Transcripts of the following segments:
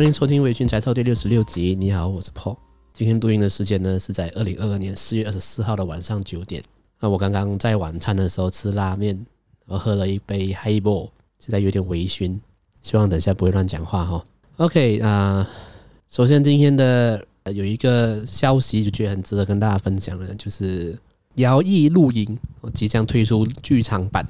歡迎收聽微醺宅 Talk 第六十六集。你好，我是 Paul。今天錄音的時間呢是在二零二二年四月二十四號的晚上九點。那、啊、我剛剛在晚餐的時候吃拉麵，我喝了一杯 Highball，現在有點微醺，希望等下不會亂講話哈、哦。OK，啊、呃，首先今天的、呃、有一個消息就覺得很值得跟大家分享了，就是姚音《搖曳露營》即將推出劇場版。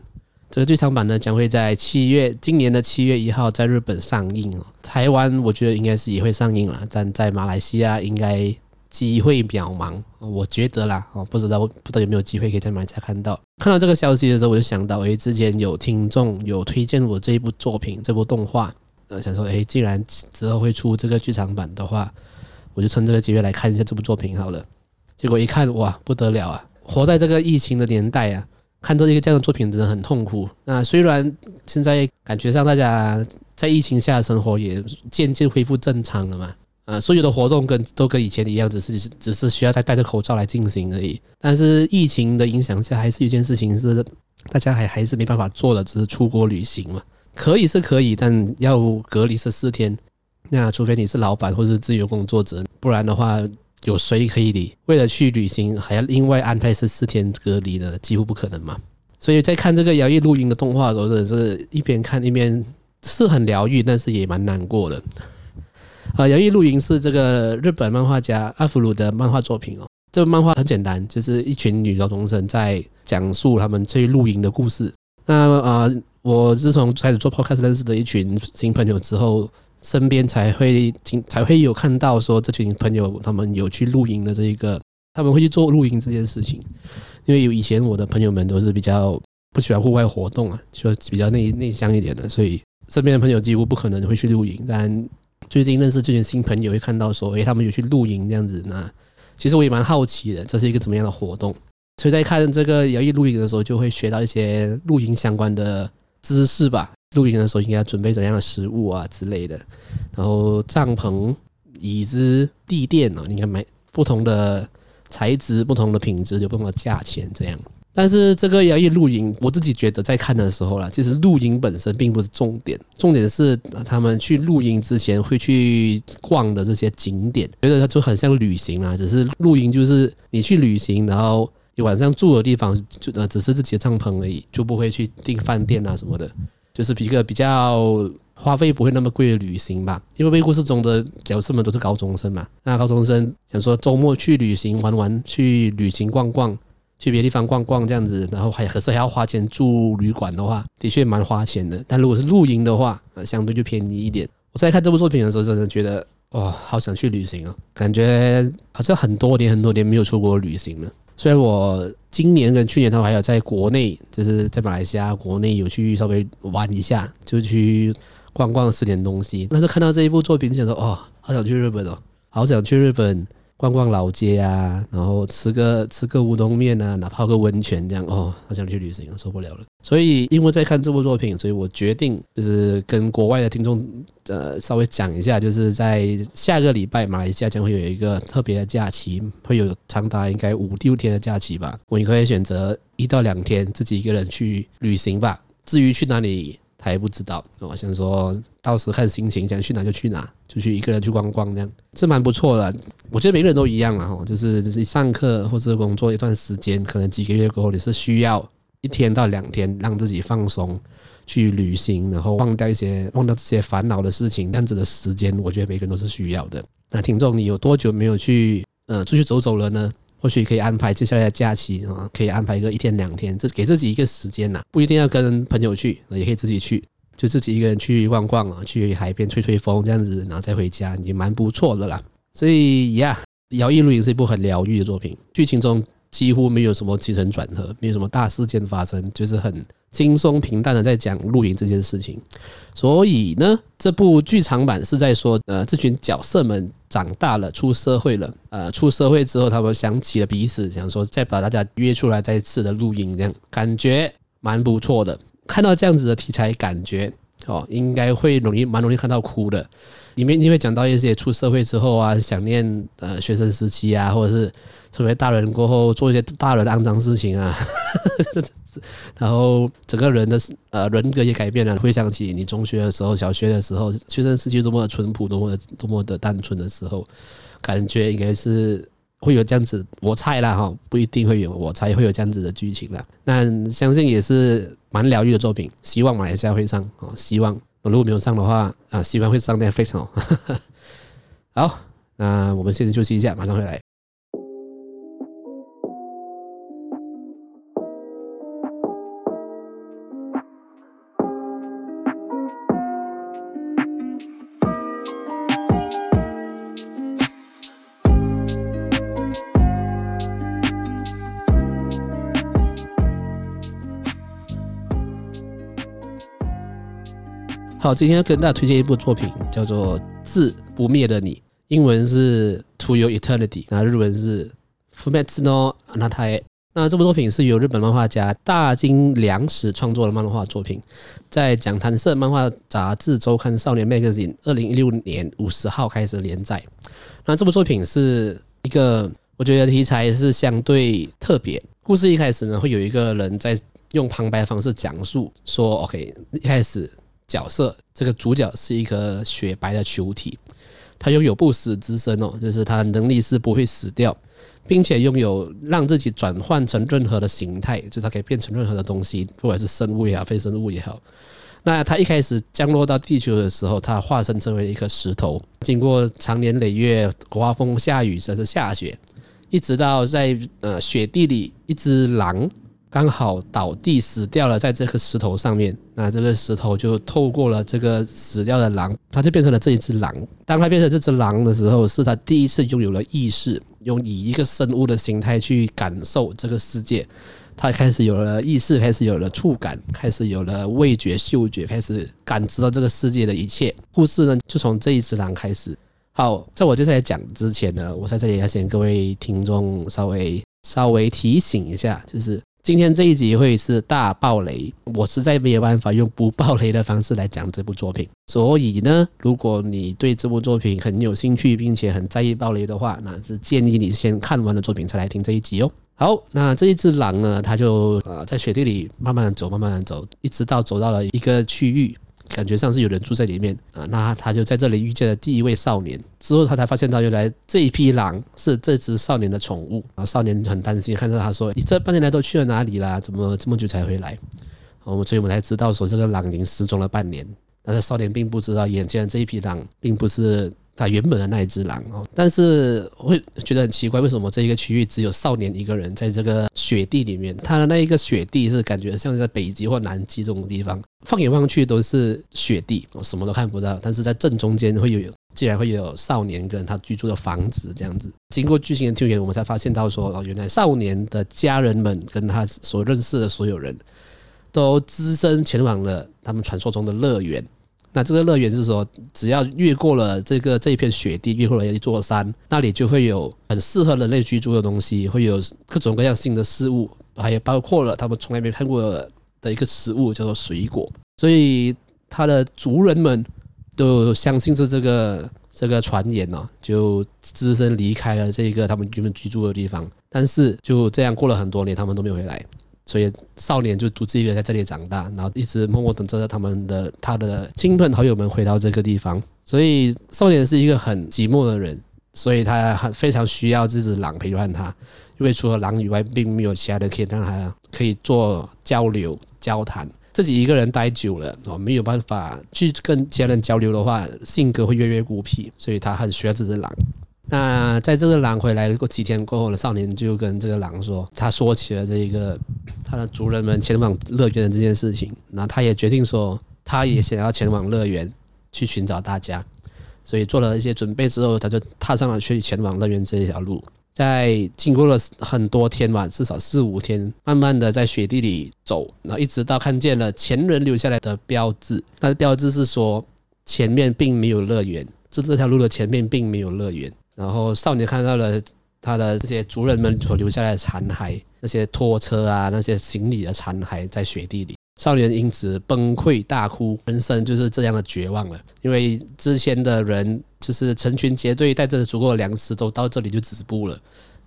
這個劇場版呢，將會在七月今年的七月一號在日本上映哦。臺灣我覺得應該是也會上映了，但在馬來西亞應該機會渺茫。我覺得啦，哦，不知道不知道有沒有機會可以在馬來西亞看到。看到這個消息的時候，我就想到，哎，之前有聽眾有推薦我這一部作品，這部動畫，呃，想說，哎，既然之後會出這個劇場版的話，我就趁這個機會來看一下這部作品好了。結果一看，哇，不得了啊！活在這個疫情的年代啊！看這個這樣的作品真的很痛苦。那雖然現在感覺上大家在疫情下的生活也漸漸恢復正常了嘛，呃、啊，所有的活動跟都跟以前一樣，只是只是需要再戴着口罩來進行而已。但是疫情的影響下，還有一件事情是大家還還是沒辦法做的，只、就是出國旅行嘛。可以是可以，但要隔離十四天。那除非你是老板或者是自由工作者，不然的話。有誰可以離？為了去旅行，還要另外安排十四天隔離的，幾乎不可能嘛！所以在看這個搖曳露營的動畫的時候，真的是一邊看一邊是很療癒，但是也蠻難過的、呃。啊，搖曳露營是這個日本漫畫家阿弗魯的漫畫作品哦。這個漫畫很簡單，就是一群女高中生在講述他們去露營的故事。那啊、呃，我自從開始做 Podcast 認識的一群新朋友之後。身邊才會聽，才會有看到說這群朋友他們有去露營的這一個，他們會去做露營這件事情。因為有以前我的朋友們都是比較不喜歡戶外活動啊，就比較內內向一點的，所以身邊的朋友幾乎不可能會去露營。但最近認識這群新朋友，會看到說，誒，他們有去露營這樣子，那其實我也蠻好奇的，這是一個怎麼樣的活動？所以在看這個搖曳露營的時候，就會學到一些露營相關的知識吧。露營的時候應該要準備怎樣的食物啊之類的，然後帳篷、椅子、地墊啊，應該買不同的材質、不同的品質，有不同的價錢這樣。但是這個搖曳露營，我自己覺得在看的時候啦，其實露營本身並不是重點，重點是他們去露營之前會去逛的這些景點，覺得它就很像旅行啊，只是露營就是你去旅行，然後你晚上住的地方就呃只是自己的帳篷而已，就不會去訂飯店啊什麼的。就是一個比較花費不會那麼貴的旅行吧，因為微故事中的角色們都是高中生嘛。那高中生想說周末去旅行玩玩，去旅行逛逛，去別的地方逛逛這樣子，然後還可是還要花錢住旅館的話，的確蠻花錢的。但如果是露營的話，相對就便宜一點。我在看這部作品的時候，真的覺得，哇，好想去旅行啊！感覺好像很多年很多年沒有出國旅行了。雖然我今年跟去年，都還有在國內，就是在馬來西亞國內有去稍微玩一下，就去逛逛吃點東西，但是看到這一部作品，想說，哦，好想去日本哦，好想去日本。逛逛老街啊，然後吃個吃個烏冬麵啊，哪泡個溫泉這樣哦，好想去旅行，受不了了。所以，因為在看這部作品，所以我決定就是跟國外的聽眾呃稍微講一下，就是在下個禮拜馬來西亞將會有一個特別的假期，會有長達應該五六天的假期吧。我也可以選擇一到兩天自己一個人去旅行吧。至於去哪裡？他也不知道，我想說到時看心情，想去哪就去哪，就去一個人去逛逛這，這樣是蠻不錯的。我覺得每個人都一樣啊。就是就是上課或者工作一段時間，可能幾個月過後，你是需要一天到兩天讓自己放鬆，去旅行，然後忘掉一些忘掉這些煩惱的事情，這樣子的時間，我覺得每個人都是需要的。那聽眾，你有多久沒有去呃出去走走了呢？或許可以安排接下來的假期啊，可以安排一個一天兩天，這給自己一個時間吶，不一定要跟朋友去，也可以自己去，就自己一個人去逛逛啊，去海邊吹吹風這樣子，然後再回家，已經蠻不錯的啦。所以呀，《搖曳露營》是一部很療癒的作品，劇情中，幾乎沒有什麼起承轉合，沒有什麼大事件發生，就是很輕鬆平淡的在講露營這件事情。所以呢，這部劇場版是在說，呃，這群角色們長大了，出社會了。呃，出社會之後，他們想起了彼此，想說再把大家約出來再一次的露營。這樣感覺蠻不錯的。看到這樣子的題材，感覺哦，應該會容易蠻容易看到哭的。裡面就會講到一些出社會之後啊，想念呃學生時期啊，或者是。成為大人過後做一些大人的骯髒事情啊， 然後整個人的呃人格也改變了，會想起你中學的時候、小學的時候，學生時期多麼的淳樸、多麼多麼的單純的時候，感覺應該是會有這樣子我猜啦、哦，哈，不一定會有我猜會有這樣子的劇情啦。但相信也是蠻療癒的作品，希望馬來西亞會上哦，希望如果沒有上的話啊，希望會上在 Facebook。好，那我們先休息一下，馬上回來。今天要跟大家推薦一部作品，叫做《至不滅的你》，英文是《To Your Eternity》，那日文是《Fumetsu no Anata e》。那這部作品是由日本漫畫家大今良時創作的漫畫作品，在《講談社漫畫雜誌週刊少年 Magazine》二零一六年五十號開始連載。那這部作品是一個，我覺得題材是相對特別。故事一開始呢，會有一個人在用旁白方式講述，說：“OK，一開始。”角色這個主角是一個雪白的球體，它擁有不死之身哦，就是它的能力是不會死掉，並且擁有讓自己轉換成任何的形態，就是它可以變成任何的東西，不管是生物也好，非生物也好。那它一開始降落到地球的時候，它化身成為一顆石頭，經過長年累月刮風、下雨甚至下雪，一直到在呃雪地裡，一只狼。剛好倒地死掉了，在這顆石頭上面。那這個石頭就透過了這個死掉的狼，它就變成了這一隻狼。當它變成這隻狼的時候，是它第一次擁有了意識，用以一個生物的形態去感受這個世界。它開始有了意識，開始有了觸感，開始有了味覺、嗅覺，開始感知到這個世界的一切。故事呢，就從這一隻狼開始。好，在我接下來講之前呢，我在這裡要先各位聽眾稍微稍微提醒一下，就是。今天這一集會是大暴雷，我實在沒有辦法用不暴雷的方式來講這部作品，所以呢，如果你對這部作品很有興趣，並且很在意暴雷的話，那是建議你先看完了作品才來聽這一集哦。好，那這一隻狼呢，他就呃在雪地裡慢慢走，慢慢走，一直到走到了一個區域。感覺上是有人住在裡面啊，那他就在這裡遇見了第一位少年，之後他才發現，他原來這一匹狼是這隻少年的寵物，然後少年很擔心，看到他說：“你這半年來都去了哪裡啦？怎麼這麼久才回來？”我們所以我們才知道說這個狼已經失蹤了半年，但是少年並不知道，眼前這一匹狼並不是。他原本的那一隻狼哦，但是我會覺得很奇怪，為什麼這一個區域只有少年一個人在這個雪地裡面？他的那一個雪地是感覺像是在北極或南極這種地方，放眼望去都是雪地，我什麼都看不到。但是在正中間會有，竟然會有少年跟他居住的房子這樣子。經過劇情研究員，我們才發現到說，哦，原來少年的家人們跟他所認識的所有人都只身前往了他們傳說中的樂園。那這個樂園是說，只要越過了這個這一片雪地，越過了一座山，那裡就會有很適合人類居住的東西，會有各種各樣新的事物，還有包括了他們從來沒看過的一個食物，叫做水果。所以，他的族人們都相信是這個這個傳言呢，就只身離開了這個他們原本居住的地方。但是，就這樣過了很多年，他們都沒有回來。所以少年就獨自一個在這裡長大，然後一直默默等着他們的他的親朋好友們回到這個地方。所以少年是一個很寂寞的人，所以他很非常需要這隻狼陪伴他，因為除了狼以外，並沒有其他的可以讓他可以做交流、交談。自己一個人待久了，沒有辦法去跟其他人交流的話，性格會越來越孤僻，所以他很需要這隻狼。那在這個狼回來過幾天過後呢，少年就跟這個狼說，他說起了這一個他的族人們前往樂園的這件事情。那他也決定說，他也想要前往樂園去尋找大家，所以做了一些準備之後，他就踏上了去前往樂園這條路。在經過了很多天吧，至少四五天，慢慢的在雪地裡走，然後一直到看見了前人留下來的標誌。那標誌是說，前面並沒有樂園，這這條路的前面並沒有樂園。然後少年看到了他的這些族人們所留下來的殘骸，那些拖車啊，那些行李的殘骸在雪地裡。少年因此崩潰大哭，人生就是這樣的絕望了。因為之前的人就是成群結隊帶着足夠的糧食都到這裡就止步了，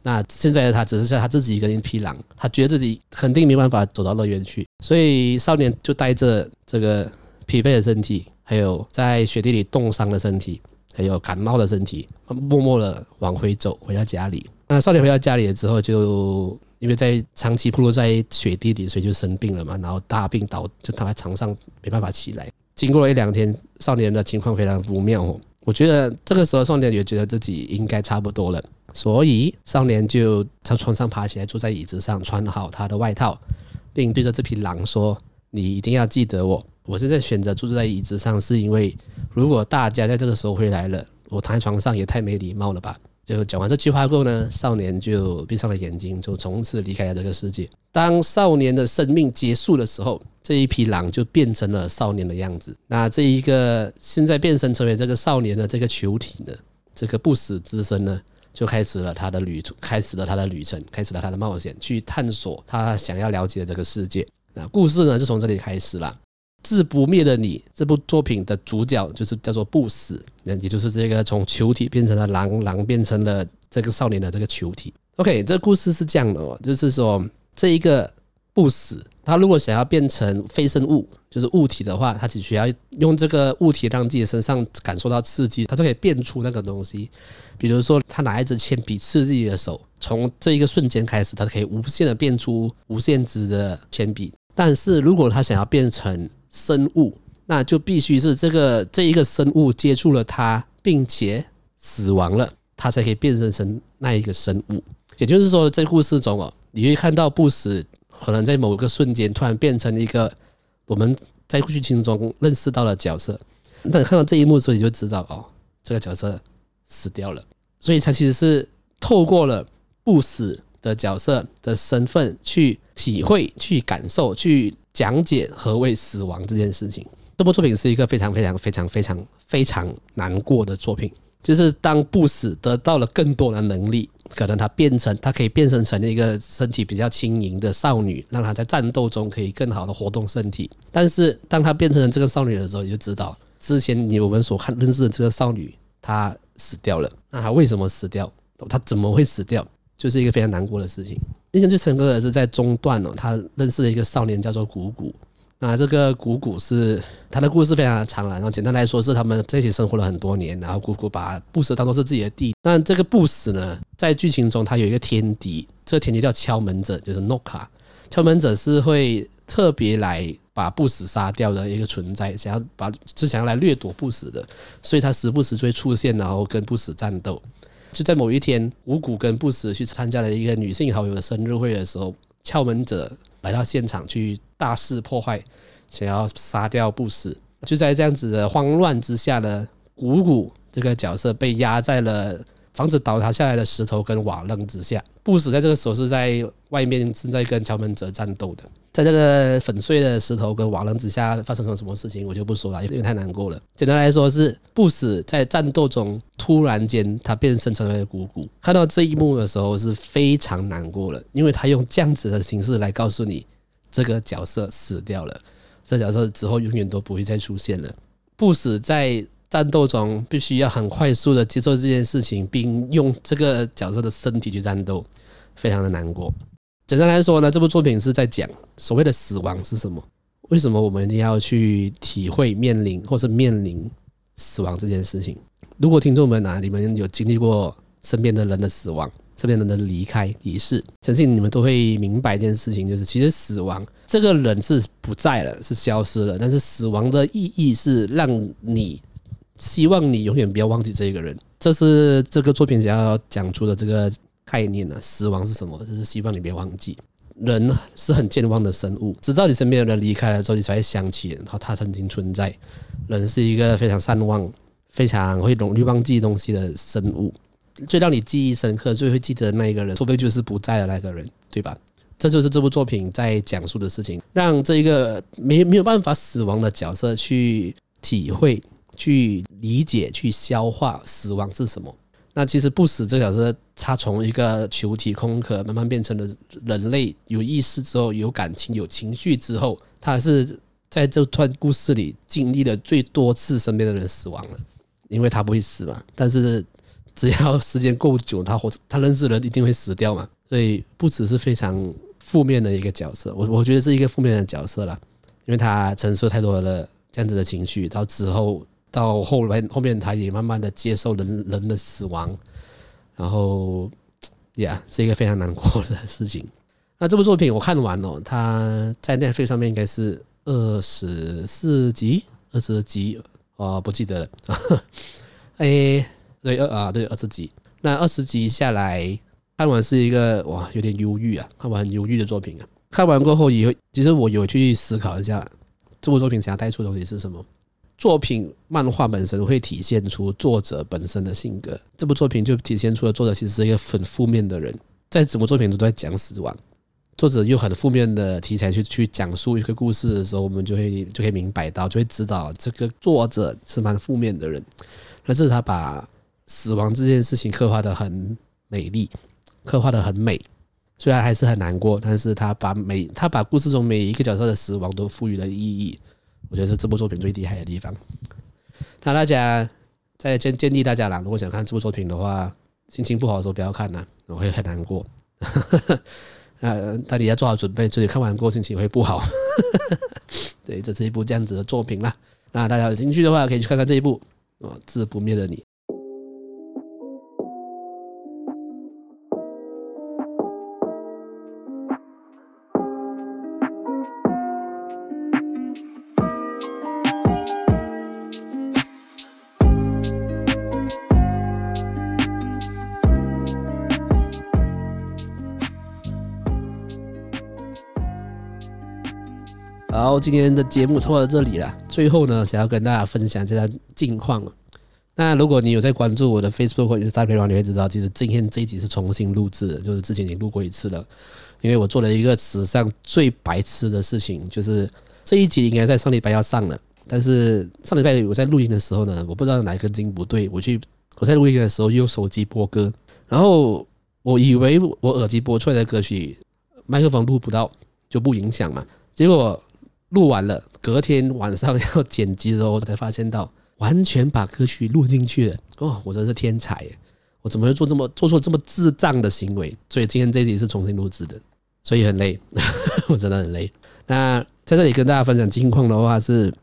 那現在他只剩下他自己一個人一匹狼，他覺得自己肯定沒辦法走到樂園去，所以少年就帶着這個疲憊的身體，還有在雪地裡凍傷的身體。還有感冒的身體，默默的往回走，回到家裡。那少年回到家裡了之後，就因為在長期暴露在雪地裡，所以就生病了嘛。然後大病倒，就躺在床上，沒辦法起來。經過了一兩天，少年的情況非常不妙哦。我覺得這個時候，少年也覺得自己應該差不多了，所以少年就從床上爬起來，坐在椅子上，穿好他的外套，並對着這匹狼說：“你一定要記得我。”我現在選擇坐在椅子上，是因為如果大家在這個時候回來了，我躺在床上也太沒禮貌了吧。就講完這句話後呢，少年就閉上了眼睛，就從此離開了這個世界。當少年的生命結束的時候，這一匹狼就變成了少年的樣子。那這一個現在變身成為這個少年的這個球體呢，這個不死之身呢，就開始了他的旅途，開始了他的旅程，開始了他的冒險，去探索他想要了解的這個世界。那故事呢，就從這裡開始了。《至不滅的你》這部作品的主角就是叫做不死，那也就是這個從球體變成了狼，狼變成了這個少年的這個球體。OK，這故事是這樣的哦，就是說這一個不死，他如果想要變成非生物，就是物體的話，他只需要用這個物體讓自己身上感受到刺激，他就可以變出那個東西。比如說，他拿一支鉛筆刺激自己的手，從這一個瞬間開始，他可以無限的變出無限支的鉛筆。但是如果他想要變成生物，那就必須是這個這一個生物接觸了它，並且死亡了，它才可以變身成，成那一個生物。也就是說，在故事中哦，你會看到不死可能在某一個瞬間突然變成一個我們在劇情中認識到的角色，那你看到這一幕的時候，你就知道哦，這個角色死掉了，所以他其實是透過了不死的角色的身份去體會、去感受、去。講解何謂死亡這件事情。這部作品是一個非常非常非常非常非常非常難過的作品。就是當不死得到了更多的能力，可能他變成他可以變身成一個身體比較輕盈的少女，讓他在戰鬥中可以更好的活動身體。但是當他變成了這個少女的時候，你就知道之前你我們所看認識的這個少女她死掉了。那她為什麼死掉？她怎麼會死掉？就是一個非常難過的事情。印象最深刻的是在中段哦，他認識了一個少年叫做古古。那這個古古是他的故事非常長了，然後簡單來說是他們在一起生活了很多年。然後古古把不死當做是自己的弟弟，但這個不死呢，在劇情中他有一個天敵，這個天敵叫敲門者，就是諾卡。敲門者是會特別來把不死殺掉的一個存在，想要把是想要來掠奪不死的，所以他時不時就會出現，然後跟不死戰鬥。就在某一天，古古跟不死去參加了一個女性好友的生日會的時候，敲門者來到現場去大肆破壞，想要殺掉不死。就在這樣子的慌亂之下呢，古古這個角色被壓在了房子倒塌下來的石頭跟瓦楞之下，不死在這個時候是在外面正在跟敲門者戰鬥的。在這個粉碎的石頭跟瓦礫之下發生了什麼事情，我就不說了，因為太難過了。簡單來說是，不死在戰鬥中突然間他變身成為了古古，看到這一幕的時候是非常難過了，因為他用這樣子的形式來告訴你這個角色死掉了，這角色之後永遠都不會再出現了。不死在戰鬥中必須要很快速的接受這件事情，並用這個角色的身體去戰鬥，非常的難過。簡單來說呢，這部作品是在講所謂的死亡是什麼？為什麼我們一定要去體會面臨或是面臨死亡這件事情？如果聽眾們啊，你們有經歷過身邊的人的死亡、身邊人的離開、離世，相信你們都會明白一件事情，就是其實死亡這個人是不在了，是消失了。但是死亡的意義是讓你希望你永遠不要忘記這個人。這是這個作品想要講出的這個。概念呢、啊？死亡是什麼？就是希望你別忘記，人是很健忘的生物。直到你身邊的人離開了之後，你才會想起，然後他曾經存在。人是一個非常善忘、非常會容易忘記東西的生物。最讓你記憶深刻、最會記得的那一個人，除非就是不在的那個人，對吧？這就是這部作品在講述的事情，讓這一個沒沒有辦法死亡的角色去體會、去理解、去消化死亡是什麼？那其實不死這個角色，他從一個球體空殼慢慢變成了人類，有意識之後，有感情、有情緒之後，他是在這段故事裡經歷了最多次身邊的人死亡了，因為他不會死嘛。但是只要時間夠久，他活、他認識的人一定會死掉嘛。所以不死是非常負面的一個角色，我我覺得是一個負面的角色啦，因為他承受太多了這樣子的情緒，到之後。到後來，後面他也慢慢的接受人人的死亡，然後、yeah，也是一個非常難過的事情。那這部作品我看完了，他在 Netflix 上面應該是二十四集，二十集啊，oh, 不記得了。哎 ，uh, 對二啊，對二十集。那二十集下來，看完是一個哇，有點憂鬱啊，看完很憂鬱的作品啊。看完過後也會，有其實我有去思考一下，這部作品想要帶出的東西是什麼。作品漫畫本身會體現出作者本身的性格。這部作品就體現出了作者其實是一個很負面的人。在整部作品都在講死亡，作者用很負面的題材去去講述一個故事的時候，我們就會就可以明白到，就會知道這個作者是蠻負面的人。可是他把死亡這件事情刻畫得很美麗，刻畫得很美。雖然還是很難過，但是他把每他把故事中每一個角色的死亡都賦予了意義。我覺得是這部作品最厲害的地方。那大家再建建議大家啦，如果想看這部作品的話，心情不好的時候不要看了，我會很難過。呃，但你要做好準備，自己看完過後心情會不好。 對，這是一部這樣子的作品啦。那大家有興趣的話，可以去看看這一部《我至不滅的你》。今天的節目說到這裡了，最後呢，想要跟大家分享一下近況。那如果你有在關注我的 Facebook 或者是 Telegram，你會知道，其實今天這一集是重新錄制的，就是之前已經錄過一次了。因為我做了一個史上最白痴的事情，就是這一集應該在上禮拜要上了，但是上禮拜我在錄音的時候呢，我不知道哪根筋不對，我去我在錄音的時候用手機播歌，然後我以為我耳機播出來的歌曲麥克風錄不到就不影響嘛，結果。錄完了，隔天晚上要剪輯的時候，我才發現到完全把歌曲錄進去了哦！我真是天才耶，我怎麼會做這麼做錯這麼智障的行為？所以今天這集是重新錄制的，所以很累， 我真的很累。那在這裡跟大家分享近況的話是，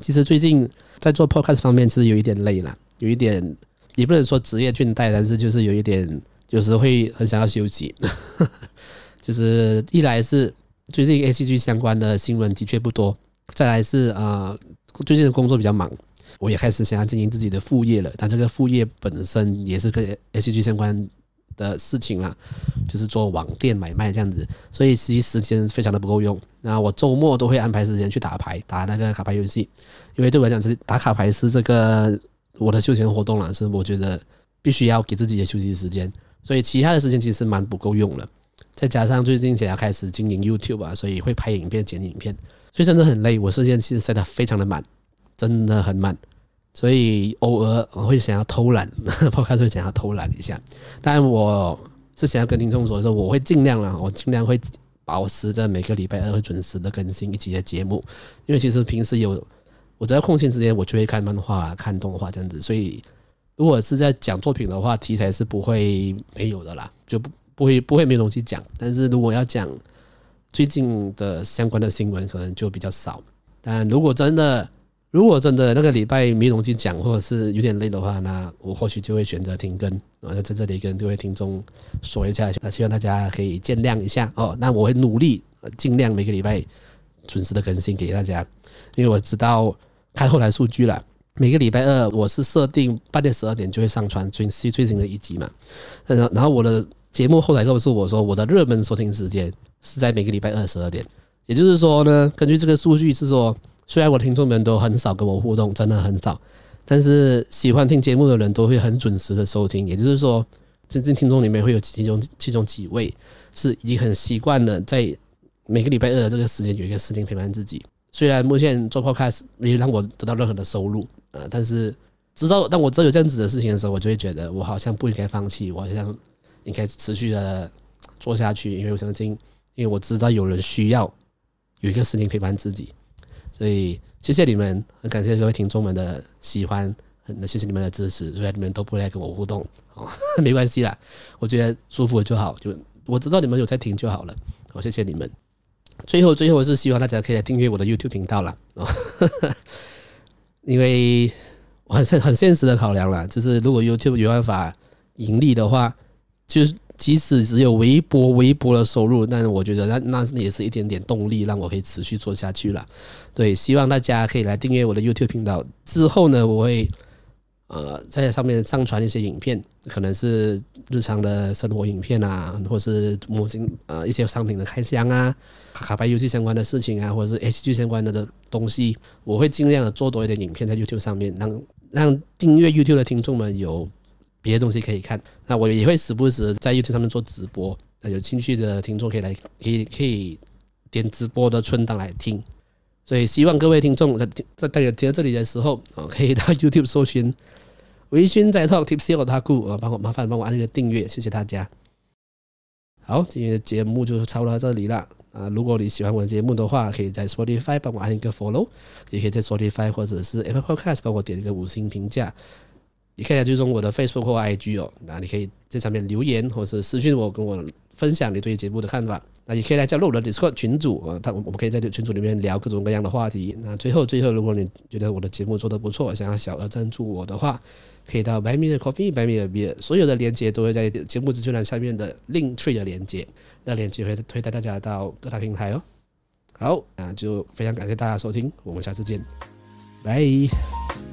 其實最近在做 podcast 方面，其實有一點累了，有一點也不能說職業倦怠，但是就是有一點，有時會很想要休息， 就是一來是。最近 A C G 相關的新聞的確不多，再來是呃最近的工作比較忙，我也開始想要經營自己的副業了。但這個副業本身也是跟 A C G 相關的事情啦，就是做網店買賣這樣子，所以其實時間非常的不夠用。那我周末都會安排時間去打牌，打那個卡牌遊戲，因為對我來講是打卡牌是這個我的休閒活動了，是我覺得必須要給自己的休息時間，所以其他的時間其實蠻不夠用了。再加上最近想要開始經營 YouTube 啊，所以會拍影片，剪影片，所以真的很累。我時間其實塞得非常的滿，真的很滿，所以偶爾我會想要偷懶，包括說想要偷懶一下。但我是想要跟聽眾說，說我會盡量啦，啊，我盡量會保持着每個禮拜二會準時的更新一集的節目。因為其實平時有我在空閒時間，我就會看漫畫、看動畫這樣子，所以如果是在講作品的話，題材是不會沒有的啦，就不。不會不會，不會沒東西講。但是如果要講最近的相關的新聞，可能就比較少。但如果真的，如果真的那個禮拜沒東西講，或者是有點累的話，那我或許就會選擇停更。然後在這裡跟各位聽眾說一下，那希望大家可以見諒一下哦。那我會努力，盡量每個禮拜準時的更新給大家，因為我知道看後台數據了。每個禮拜二我是設定半夜十二點就會上傳最最最新的一集嘛。然然後我的。節目後台告訴我說，我的熱門收聽時間是在每個禮拜二十二點，也就是說呢，根據這個數據是說，雖然我的聽眾們都很少跟我互動，真的很少，但是喜歡聽節目的人都會很準時的收聽，也就是說，真正聽眾裡面會有其中其中幾位是已經很習慣了在每個禮拜二的這個時間有一個收聽陪伴自己。雖然目前做 podcast 沒有讓我得到任何的收入，呃，但是知道當我知道有這樣子的事情的時候，我就會覺得我好像不應該放棄，我好像。應該持續的做下去，因為我相信，因為我知道有人需要有一個事情陪伴自己，所以謝謝你們，很感謝各位聽眾們的喜歡，很謝謝你們的支持，雖然你們都不來跟我互動，沒關係啦，我覺得舒服就好，就我知道你們有在聽就好了，好，謝謝你們。最後，最後是希望大家可以來訂閱我的 YouTube 頻道了啊，因為很現很現實的考量了，就是如果 YouTube 有辦法盈利的話。就是即使只有微薄微薄的收入，但我覺得那那也是一點點動力，讓我可以持續做下去了。對，希望大家可以來訂閱我的 YouTube 頻道。之後呢，我會呃在上面上傳一些影片，可能是日常的生活影片啊，或是模型呃一些商品的開箱啊、卡牌遊戲相關的事情啊，或者是 HG 相關的的東西，我會盡量的做多一點影片在 YouTube 上面，讓讓訂閱 YouTube 的聽眾們有。別的東西可以看，那我也會時不時在 YouTube 上面做直播，那有興趣的聽眾可以來，可以可以點直播的存檔來聽。所以希望各位聽眾在在大家聽到這裡的時候，可以到 YouTube 搜尋微醺在 talk tips 叫我大顧啊，幫我麻煩幫我按一個訂閱，謝謝大家。好，今天的節目就是多到這裡了啊！如果你喜歡我的節目的話，可以在 Spotify 幫我按一個 Follow，也可以在 Spotify 或者是 Apple Podcast 幫我點一個五星評價。你可以來追蹤我的 Facebook 或 IG 哦，那你可以在上面留言或者是私信我，跟我分享你對於節目的看法。那也可以來加入我的 Discord 群組啊，他我們可以在群組裡面聊各種各樣的話題。那最後最後，如果你覺得我的節目做的不錯，想要小額贊助我的話，可以到 Buy Me 的 Coffee、Buy Me 的 Beer，所有的鏈接都會在節目資訊欄下面的 Link Tree 的鏈接，那鏈接會推帶大家到各大平台哦。好，那就非常感謝大家收聽，我們下次見，拜。